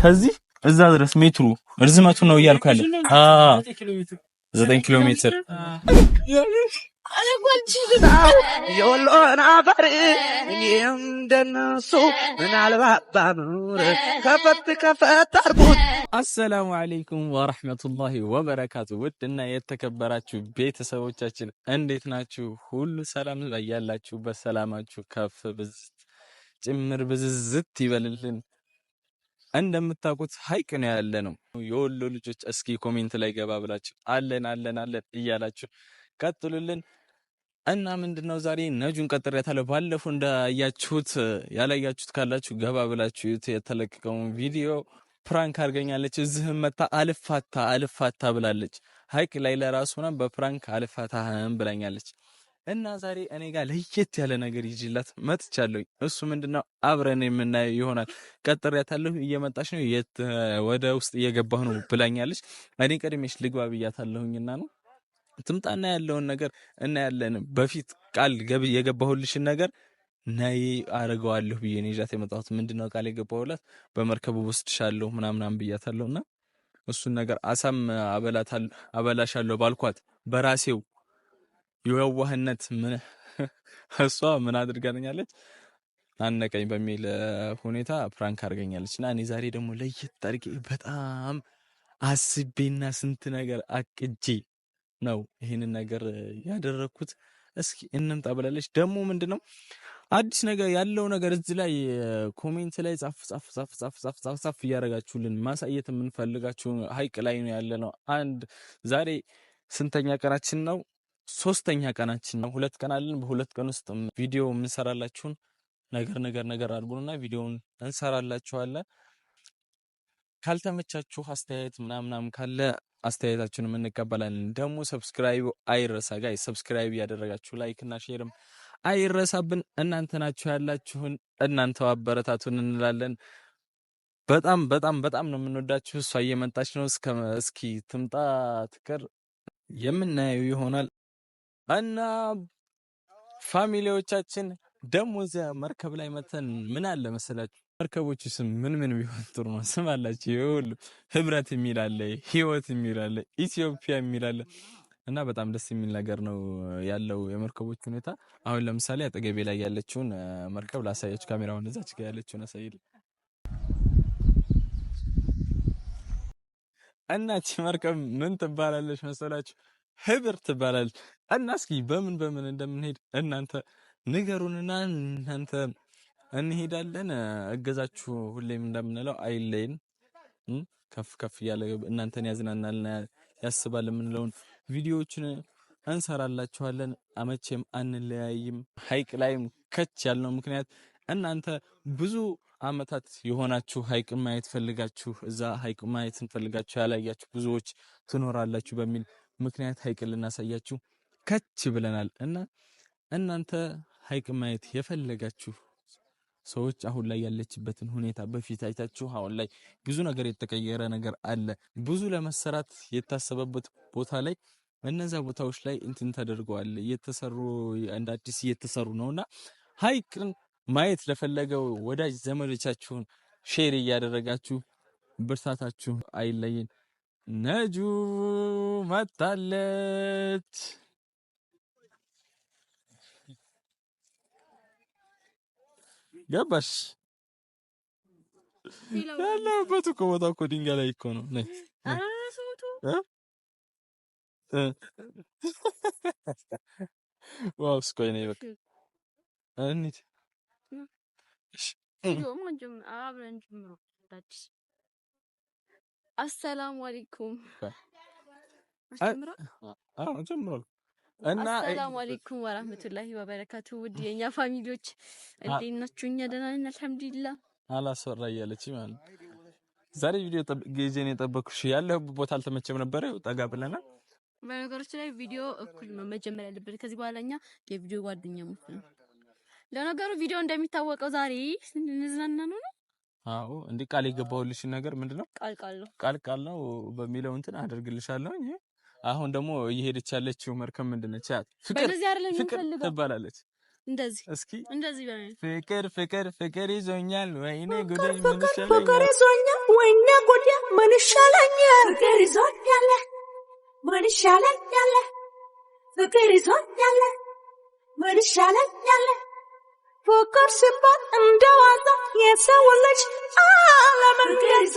ከዚህ እዛ ድረስ ሜትሩ ርዝመቱ ነው እያልኩ ያለ ዘጠኝ ኪሎ ሜትር የወሎን አፈር እንደነሱ ምናልባት ከፈት ከፈት አርጉት። አሰላሙ አለይኩም ወረህመቱላሂ ወበረካቱ። ውድና የተከበራችሁ ቤተሰቦቻችን እንዴት ናችሁ? ሁሉ ሰላም ያላችሁ በሰላማችሁ ከፍ ብዝ ጭምር ብዝዝት ይበልልን። እንደምታውቁት ሀይቅ ነው ያለ ነው የወሎ ልጆች። እስኪ ኮሜንት ላይ ገባ ብላችሁ አለን አለን አለን እያላችሁ ቀጥሉልን። እና ምንድነው ዛሬ ነጁን ቀጥሬያታለሁ። ባለፈው እንዳያችሁት ያላያችሁት ካላችሁ ገባ ብላችሁ የተለቀቀውን ቪዲዮ ፕራንክ አድርገኛለች። እዚህም መታ አልፋታ አልፋታ ብላለች። ሀይቅ ላይ ለራሱ ሆና በፕራንክ አልፋታህም ብላኛለች። እና ዛሬ እኔ ጋር ለየት ያለ ነገር ይዤላት መጥቻለሁ። እሱ ምንድነው አብረን የምናየው ይሆናል። ቀጥሬያታለሁ፣ እየመጣች ነው፣ የት ወደ ውስጥ እየገባሁ ነው ብላኛለች። እኔ ቀድሜሽ ልግባ ብያታለሁኝና ነው ትምጣና ያለውን ነገር እናያለን። በፊት ቃል የገባሁልሽን ነገር ናይ አደርገዋለሁ ብዬ ነው ይዣት የመጣሁት። ምንድነው ቃል የገባሁላት በመርከቡ ወስድሻለሁ ምናምናም ብያታለሁና እሱን ነገር አሳም አበላሻለሁ ባልኳት በራሴው የዋህነት ምን እሷ ምን አድርጋኛለች አነቀኝ በሚል ሁኔታ ፕራንክ አድርገኛለች። እና እኔ ዛሬ ደግሞ ለየት አድርጌ በጣም አስቤና ስንት ነገር አቅጄ ነው ይህንን ነገር ያደረግኩት። እስኪ እንምጣ ብላለች። ደግሞ ምንድን ነው አዲስ ነገር ያለው ነገር እዚህ ላይ ኮሜንት ላይ ጻፍ ጻፍ ጻፍ ጻፍ ጻፍ ጻፍ ጻፍ እያደረጋችሁልን ማሳየት የምንፈልጋችሁ ሀይቅ ላይ ነው ያለ ነው። አንድ ዛሬ ስንተኛ ቀናችን ነው? ሶስተኛ ቀናችን ነው። ሁለት ቀን አለን። በሁለት ቀን ውስጥ ቪዲዮ የምንሰራላችሁን ነገር ነገር ነገር አድርጉንና ቪዲዮውን እንሰራላችኋለን። ካልተመቻችሁ አስተያየት ምናምናም ካለ አስተያየታችሁንም እንቀበላለን። ደግሞ ሰብስክራይብ አይረሳ ጋይ ሰብስክራይብ ያደረጋችሁ ላይክ እና ሼርም አይረሳብን። እናንተ ናችሁ ያላችሁን እናንተው አበረታቱን እንላለን። በጣም በጣም በጣም ነው የምንወዳችሁ። እሷ እየመጣች ነው። እስኪ ትምጣ ትቅር የምናየው ይሆናል። እና ፋሚሊዎቻችን ደግሞ እዚያ መርከብ ላይ መተን ምን አለ መሰላችሁ መርከቦቹ ስም ምን ምን ቢሆን ጥሩ ነው? ስም አላቸው። ይሁሉ ህብረት የሚል አለ፣ ህይወት የሚል አለ፣ ኢትዮጵያ የሚል አለ እና በጣም ደስ የሚል ነገር ነው ያለው የመርከቦች ሁኔታ። አሁን ለምሳሌ አጠገቤ ላይ ያለችውን መርከብ ላሳያችሁ። ካሜራውን እዛች ጋር ያለችውን አሳይልኝ። እናች መርከብ ምን ትባላለች መሰላችሁ? ህብር ትባላል እና እስኪ በምን በምን እንደምንሄድ እናንተ ንገሩንና እናንተ እንሄዳለን። እገዛችሁ ሁሌም እንደምንለው አይለይን። ከፍ ከፍ እያለ እናንተን ያዝናናልና ያስባል የምንለውን ቪዲዮዎችን እንሰራላችኋለን። አመቼም አንለያይም። ሀይቅ ላይም ከች ያልነው ምክንያት እናንተ ብዙ አመታት የሆናችሁ ሀይቅ ማየት ፈልጋችሁ እዛ ሀይቅ ማየት እንፈልጋችሁ ያላያችሁ ብዙዎች ትኖራላችሁ በሚል ምክንያት ሀይቅ ልናሳያችሁ ከች ብለናል እና እናንተ ሀይቅ ማየት የፈለጋችሁ ሰዎች አሁን ላይ ያለችበትን ሁኔታ በፊት አይታችሁ፣ አሁን ላይ ብዙ ነገር የተቀየረ ነገር አለ። ብዙ ለመሰራት የታሰበበት ቦታ ላይ እነዛ ቦታዎች ላይ እንትን ተደርገዋል፣ እየተሰሩ እንደ አዲስ እየተሰሩ እና ሀይቅን ማየት ለፈለገው ወዳጅ ዘመዶቻችሁን ሼር እያደረጋችሁ ብርታታችሁ አይለይን። ነጁ መታለች። ገባሽ? ያለበት እኮ ቦታ እኮ ድንጋይ ላይ እኮ ነው። ነይ ዋው! እስቆይ ነይ በቃ እንሂድ። አሰላሙ አለይኩም ጀምሯል እና አሰላሙ አለይኩም ወራህመቱላሂ ወበረካቱ። ውድ የእኛ ፋሚሊዎች እንዴት ናችሁ? እኛ ደህና ነን አልሐምዱሊላህ። አላስወራ እያለች ማለት ዛሬ ቪዲዮ ጊዜን የጠበኩሽ ያለሁበት ቦታ አልተመቸም ነበረ። ጠጋ ብለናል። በነገሮች ላይ ቪዲዮ እኩል መጀመር ያለበት ከዚህ በኋላ እኛ የቪዲዮ ጓደኛሞች ነው። ለነገሩ ቪዲዮ እንደሚታወቀው ዛሬ ስንዝናና ነው ነው አዎ እንዴ ቃል የገባሁልሽ ነገር ምንድነው? ቃል ቃል ነው ቃል ቃል ነው በሚለው እንትን አደርግልሻለሁ። አሁን ደግሞ እየሄደች ያለችው መርከብ ምንድነች? ፍቅር ትባላለች። እንደዚህ እስኪ እንደዚህ ፍቅር ፍቅር ፍቅር ይዞኛል፣ ወይኔ ጉዴ ምን ይሻለኛል? ፍቅር ይዞኛል፣ ወይኔ ምን ይሻለኛል? ፍቅር ይዞኛል፣ ምን ይሻለኛል? ፍቅር ይዞኛል፣ ምን ይሻለኛል? ፍቅር ሲባል እንደዋዛ የሰው ልጅ አለመንገዛ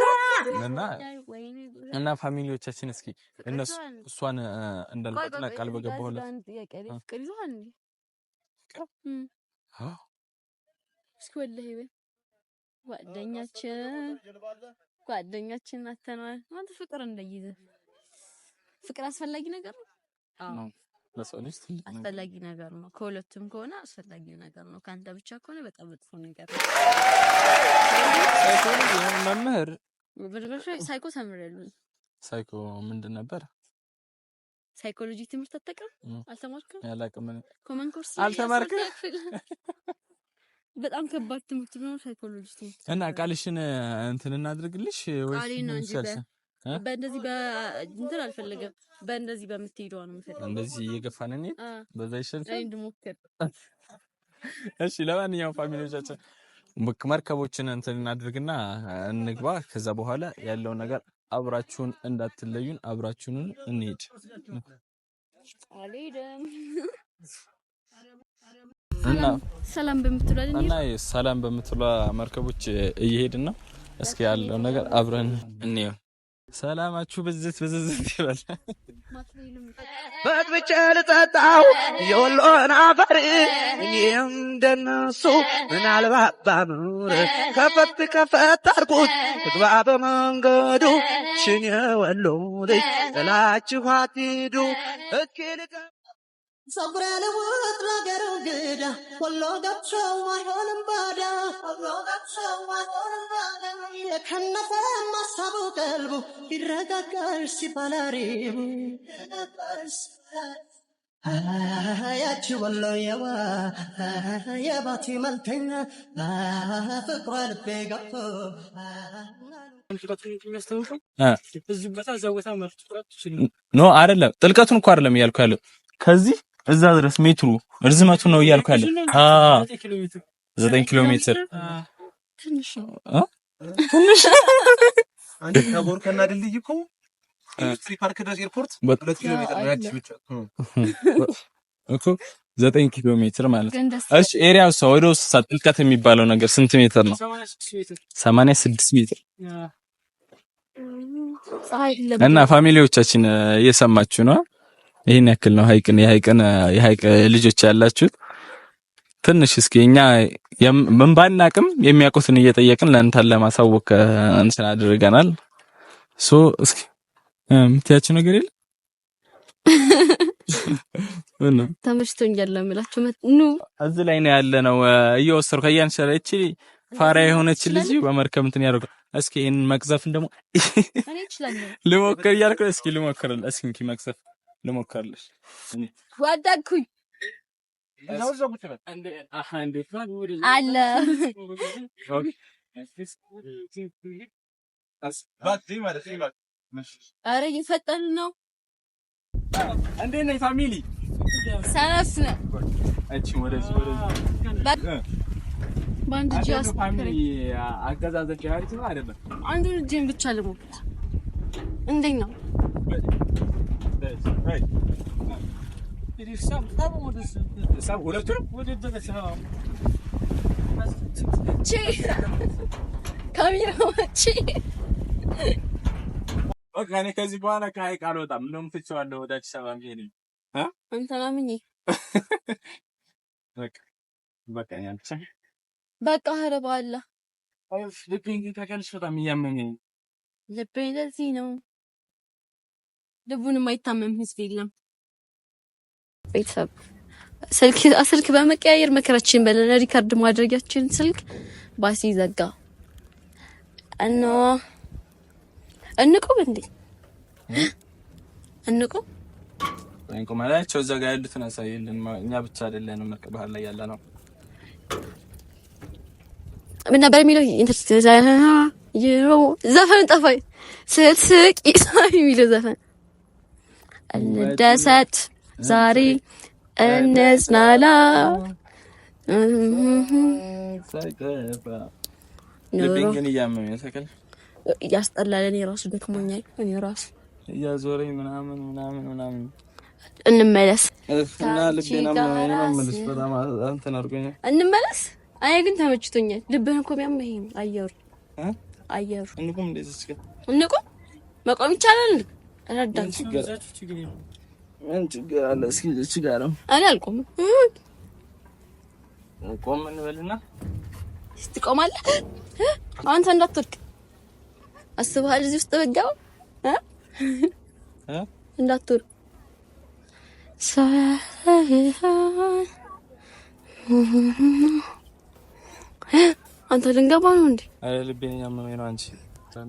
እና ፋሚሊዎቻችን እስኪ እነሱ እሷን እንዳልኳትና ቃል በገባሁለት ጓደኛችን ጓደኛችን ማለት ፍቅር እንደይዘ ፍቅር አስፈላጊ ነገር ነው። አስፈላጊ ነገር ነው። ከሁለቱም ከሆነ አስፈላጊ ነገር ነው። ከአንተ ብቻ ከሆነ በጣም መጥፎ ነገር ነው። መምህር ሳይኮ ተምሬያለሁ። ሳይኮ ምንድን ነበር? ሳይኮሎጂ ትምህርት አጠቀም አልተማርክም? ያላቅም ኮመን ኮርስ አልተማርክም? በጣም ከባድ ትምህርት ነው ሳይኮሎጂ ትምህርት እና ቃልሽን እንትን እናድርግልሽ ወይ በእንደዚህ በእንትን አልፈልግም። በእንደዚህ በምትሄደዋ ነው የምፈልገው። እንደዚህ እየገፋን እኔ በዛ ይሻል እንድሞክር። እሺ፣ ለማንኛውም ፋሚሊዎቻችን መርከቦችን እንትን እናድርግና እንግባ። ከዛ በኋላ ያለው ነገር አብራችሁን እንዳትለዩን፣ አብራችሁን እንሄድ። አልሄድም እና ሰላም በምትሏል እና ሰላም በምትሏ መርከቦች እየሄድን ነው። እስኪ ያለው ነገር አብረን እንየው። ሰላማችሁ ብዝት ብዝዝት ይበል። በጥብጬ ልጠጣው የወሎን አፈር እንደነሱ ምናልባት ባኑር ከፈት ከፈት አርኩት ትግባ በመንገዱ ሽን የወሎ ልጅ ጥላችሁ አትሂዱ እኪልቀ ጸጉሬን ውጥ ነገር እንግዳ ወሎ ገብቸው አይሆንም ባዳ ወሎ ባዳ የከነፈ ማሳቡ ቀልቡ ይረጋጋል ሲባላሪቡ ያቺ የዋ የባቲ መልተኛ ፍቅሯ ልቤ ገብቶ ኖ አይደለም፣ ጥልቀቱን እኮ አይደለም እያልኩ ያለው ከዚህ እዛ ድረስ ሜትሩ ርዝመቱ ነው እያልኩ ያለ ዘጠኝ ኪሎ ሜትር ዘጠኝ ኪሎ ሜትር ማለት ነው። እሺ ኤሪያው ሰው ወደ ውስጥ ጥልቀት የሚባለው ነገር ስንት ሜትር ነው? ሰማንያ ስድስት ሜትር እና ፋሚሊዎቻችን እየሰማችሁ ነው ይህን ያክል ነው ሀይቅን የሀይቅን የሀይቅ ልጆች ያላችሁት ትንሽ እስኪ እኛ ምን ባናቅም የሚያውቁትን እየጠየቅን ለእንታን ለማሳወቅ እንትን አድርገናል። ሶ እስኪ የምትያችሁ ነገር የለ እና ተመችቶኛል ለምላችሁ ኑ እዚህ ላይ ነው ያለ ነው እየወሰድኩ እያንሸረች ፋራ የሆነች ልጅ በመርከብ እንትን ያደርጋል። እስኪ ይህን መቅዘፍ ደግሞ ልሞክር እያልኩ እስኪ ልሞክር እስኪ መቅዘፍ ልሞክራለች። ወደኩኝ አለ አረ እየፈጠን ነው። እንዴት ነህ ፋሚሊ? ሰነስ ነው። በአንድ እጅ ነው አይደለም? ብቻ ልሞክር። እንዴት ነው? በቃ እኔ ከዚህ በኋላ ከሀይቅ አልወጣም። እንደውም ትቼዋለሁ። ወደ አዲስ አበባ ሚሄድ እንተማምኝ በቃ ኧረ በኋላ ልቤ በጣም እያመመኝ ልቤ ለዚህ ነው ልቡን የማይታመም ህዝብ የለም። ቤተሰብ ስልክ ስልክ በመቀያየር መከራችን በለለ ሪካርድ ማድረጊያችን ስልክ ባሲ ዘጋ እና እንቁም እንዴ እንቁም እንቁም አላቸው። እዛ ጋር ያሉትን አሳይልን። እኛ ብቻ አይደለንም መርቅ ባህል ላይ ያለ ነው። ምን ነበር የሚለው ዘፈን ጠፋኝ። ስትስቅ የሚለው ዘፈን እንደሰት ዛሬ እንጽናላ እያስጠላል። እኔ ራሱ ደክሞኛል። እኔ ራሱ እያዞረኝ ምናምን ምናምን ምናምን እንመለስ እና በጣም እንትን አድርጎኛል። እንመለስ። አይ ግን ተመችቶኛል። ልብህን እኮ ቢያምህ ይሄ አየሩ አየሩ እንቁም እንደዚህ እንቁም መቆም ይቻላል። እኔ አልቆምም። ቆም እንበልና ትቆማለህ። አንተ እንዳትወድቅ አስበሃል። እዚህ ውስጥ በጋው እንዳትወድቅ አንተ ልንገባ ነው እንዴ? ልቤን ያመመኝ ነው። አንቺ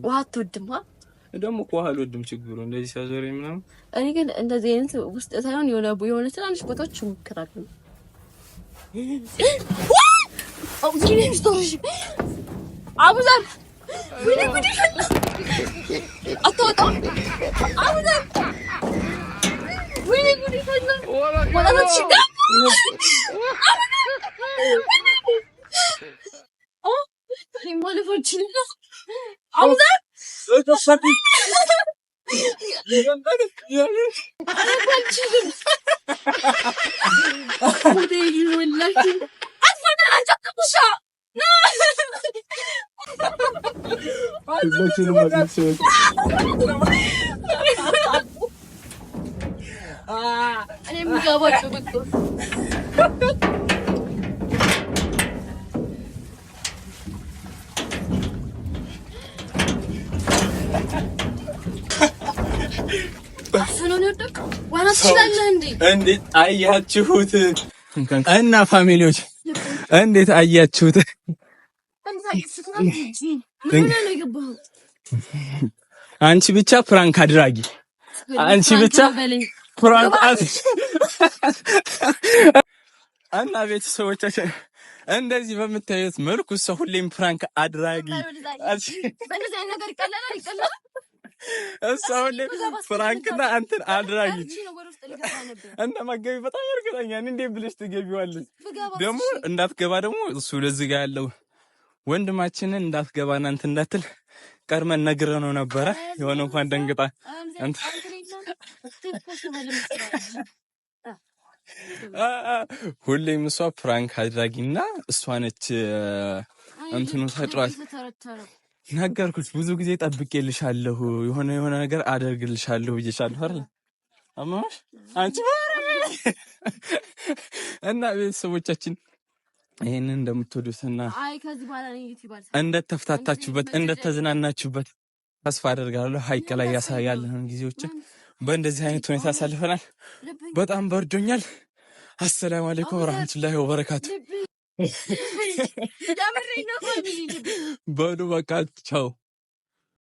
ውሃ አትወድም። ደግሞ ውሃ አልወድም ችግሩ እንደዚህ ሲያዞር ምናምን። እኔ ግን እንደዚህ አይነት ውስጥ ሳይሆን የሆነ የሆነ ትናንሽ ቦታዎች እሞክራለሁ። አቡዘር አትወጣም። አቡዘር ወይኔ ጉድ Öyle sakın. Yanlarım, yanlarım. Ben çıldım. Buraya girmeliler ki. Az sonra ancak kapışa. Kızla bakayım söyle. Annem bir daha bakıyor. የወደቀው? እንዴት አያችሁት? እና ፋሚሊዎች እንዴት አያችሁት? አንቺ ብቻ ፕራንክ አድራጊ፣ አንቺ ብቻ ፕራንክ አድራጊ እና ቤተሰቦቻችን እንደዚህ በምታዩት መልኩ ሰው ሁሌም ፕራንክ አድራጊ እሱ ፍራንክና አንትን አድራጊች እንደ መገቢ በጣም እርግጠኛ እንዴ ብለሽ ትገቢዋለች። ደግሞ እንዳትገባ ደግሞ እሱ ለዚህ ጋር ያለው ወንድማችንን እንዳትገባ እናንተ እንዳትል ቀድመን ነግረ ነው ነበረ። የሆነ እንኳን ደንግጣ ሁሌም እሷ ፍራንክ አድራጊና እሷ ነች እንትኑ ተጫዋች ነገርኩት። ብዙ ጊዜ ጠብቄልሻለሁ፣ የሆነ የሆነ ነገር አደርግልሻለሁ ብዬሻለሁ አይደል? አማሽ አንቺ እና ቤተሰቦቻችን ይህንን እንደምትወዱትና እንደተፍታታችሁበት እንደተዝናናችሁበት ተስፋ አደርጋለሁ። ሀይቅ ላይ ያሳያለን ጊዜዎችን በእንደዚህ አይነት ሁኔታ አሳልፈናል። በጣም በርዶኛል። አሰላሙ አለይኩም ወረህመቱላሂ ወበረካቱ። በሉ በቃ ቻው።